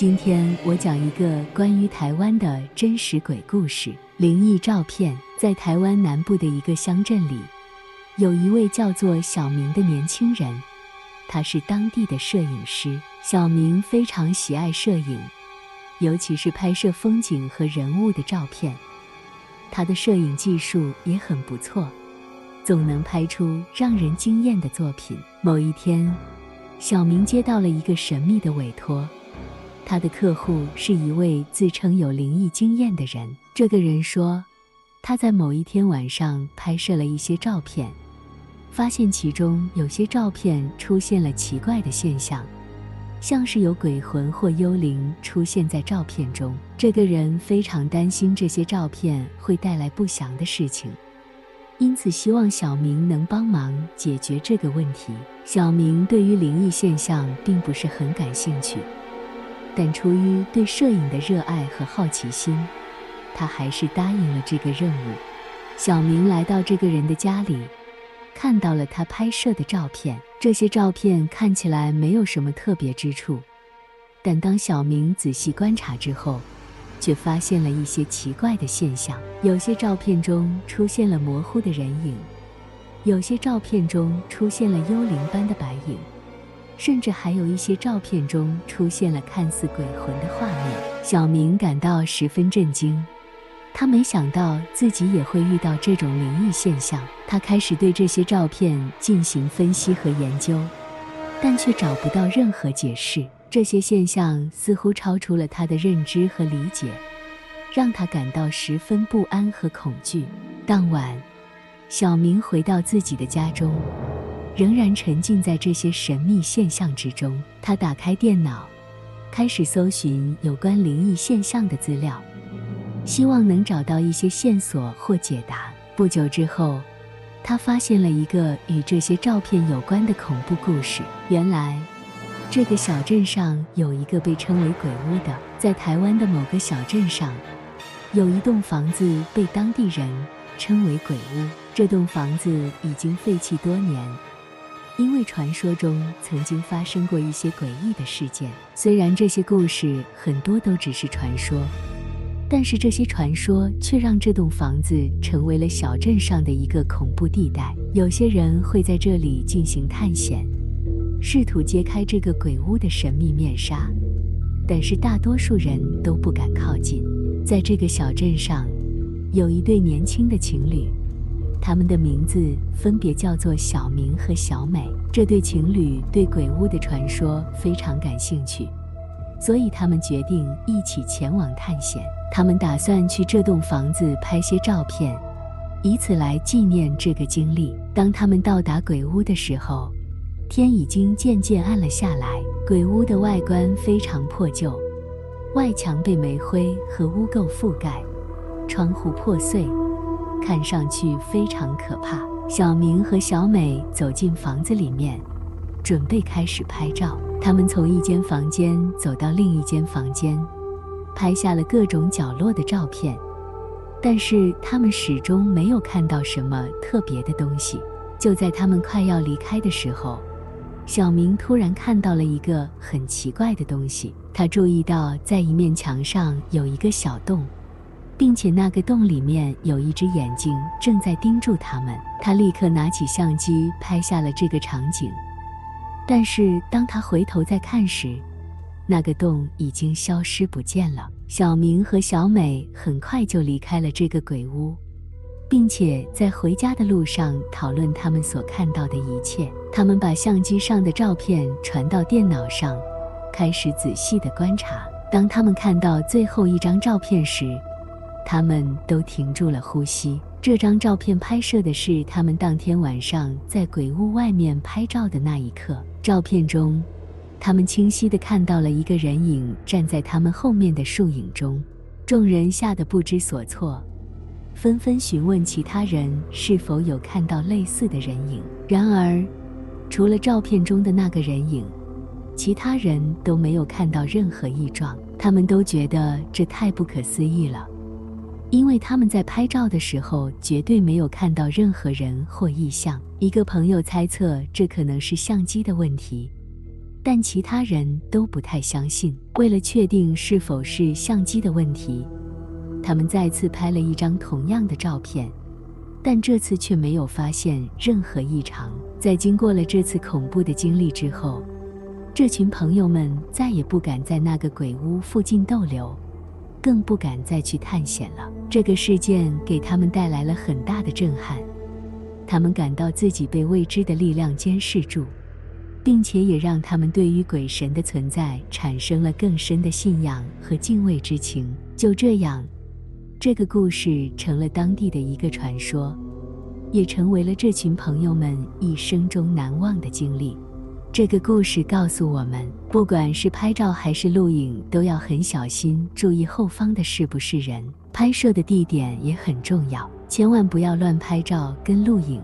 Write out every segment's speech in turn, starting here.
今天我講一個關於台灣的真實鬼故事、靈異照片。在台灣南部的一個鄉鎮裡，有一位叫做小明的年輕人，他是當地的攝影師。小明非常喜愛攝影，尤其是拍攝風景和人物的照片，他的攝影技術也很不錯，總能拍出讓人驚豔的作品。某一天，小明接到了一個神秘的委托。他的客戶是一位自稱有靈異經驗的人。這個人說，他在某一天晚上拍攝了一些照片，發現其中有些照片出現了奇怪的現象，像是有鬼魂或幽靈出現在照片中。這個人非常擔心這些照片會帶來不祥的事情，因此希望小明能幫忙解決這個問題。小明對於靈異現象並不是很感興趣。但出於對攝影的熱愛和好奇心，他還是答應了這個任務。小明來到這個人的家裡，看到了他拍攝的照片。這些照片看起來沒有什麼特別之處，但當小明仔細觀察之後，卻發現了一些奇怪的現象：有些照片中出現了模糊的人影，有些照片中出現了幽靈般的白影。甚至還有一些照片中出現了看似鬼魂的畫面，小明感到十分震驚。他沒想到自己也會遇到這種靈異現象。他開始對這些照片進行分析和研究，但卻找不到任何解釋。這些現象似乎超出了他的認知和理解，讓他感到十分不安和恐懼。當晚，小明回到自己的家中。仍然沉浸在這些神秘現象之中。他打開電腦，開始搜尋有關靈異現象的資料，希望能找到一些線索或解答。不久之後，他發現了一個與這些照片有關的恐怖故事。原來，這個小鎮上有一個被稱為“鬼屋”的。在台灣的某個小鎮上，有一棟房子被當地人稱為“鬼屋”。這棟房子已經廢棄多年。因為傳說中曾經發生過一些詭異的事件，雖然這些故事很多都只是傳說，但是這些傳說卻讓這棟房子成為了小鎮上的一個恐怖地帶。有些人會在這裡進行探險，試圖揭開這個鬼屋的神秘面紗，但是大多數人都不敢靠近。在這個小鎮上，有一對年輕的情侶。他們的名字分別叫做小明和小美。這對情侶對鬼屋的傳說非常感興趣，所以他們決定一起前往探險。他們打算去這棟房子拍些照片，以此來紀念這個經歷。當他們到達鬼屋的時候，天已經漸漸暗了下來。鬼屋的外觀非常破舊，外牆被煤灰和污垢覆蓋，窗戶破碎。看上去非常可怕。小明和小美走進房子裡面，準備開始拍照。他們從一間房間走到另一間房間，拍下了各種角落的照片，但是他們始終沒有看到什麼特別的東西。就在他們快要離開的時候，小明突然看到了一個很奇怪的東西。他注意到在一面牆上有一個小洞。並且那個洞裡面有一隻眼睛正在盯住他們。他立刻拿起相機拍下了這個場景，但是當他回頭再看時，那個洞已經消失不見了。小明和小美很快就離開了這個鬼屋，並且在回家的路上討論他們所看到的一切。他們把相機上的照片傳到電腦上，開始仔細地觀察。當他們看到最後一張照片時，他們都停住了呼吸。這張照片拍攝的是他們當天晚上在鬼屋外面拍照的那一刻。照片中，他們清晰地看到了一個人影站在他們後面的樹影中。眾人嚇得不知所措，紛紛詢問其他人是否有看到類似的人影。然而，除了照片中的那個人影，其他人都沒有看到任何異狀。他們都覺得這太不可思議了。因為他們在拍照的時候絕對沒有看到任何人或異象。一個朋友猜測這可能是相機的問題，但其他人都不太相信。為了確定是否是相機的問題，他們再次拍了一張同樣的照片，但這次卻沒有發現任何異常。在經過了這次恐怖的經歷之後，這群朋友們再也不敢在那個鬼屋附近逗留。更不敢再去探險了。這個事件給他們帶來了很大的震撼，他們感到自己被未知的力量監視住，並且也讓他們對於鬼神的存在產生了更深的信仰和敬畏之情。就這樣，這個故事成了當地的一個傳說，也成為了這群朋友們一生中難忘的經歷。這個故事告訴我們，不管是拍照還是錄影，都要很小心，注意後方的是不是人。拍攝的地點也很重要，千萬不要亂拍照跟錄影。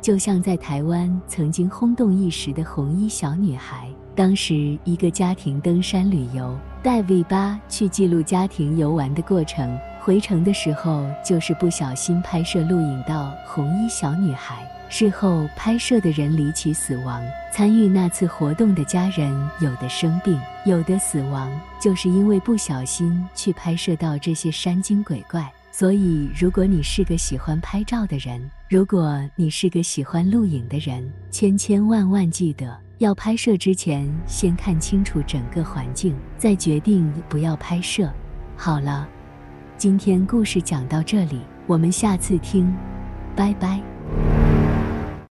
就像在台灣曾經轟動一時的紅衣小女孩，當時一個家庭登山旅遊，帶 V8 去記錄家庭遊玩的過程。回程的時候，就是不小心拍攝錄影到紅衣小女孩。事後拍攝的人離奇死亡，參與那次活動的家人有的生病，有的死亡，就是因為不小心去拍攝到這些山精鬼怪。所以，如果你是個喜歡拍照的人，如果你是個喜歡錄影的人，千千萬萬記得要拍攝之前先看清楚整個環境，再決定不要拍攝。好了。今天故事講到這裡，我們下次聽，拜拜。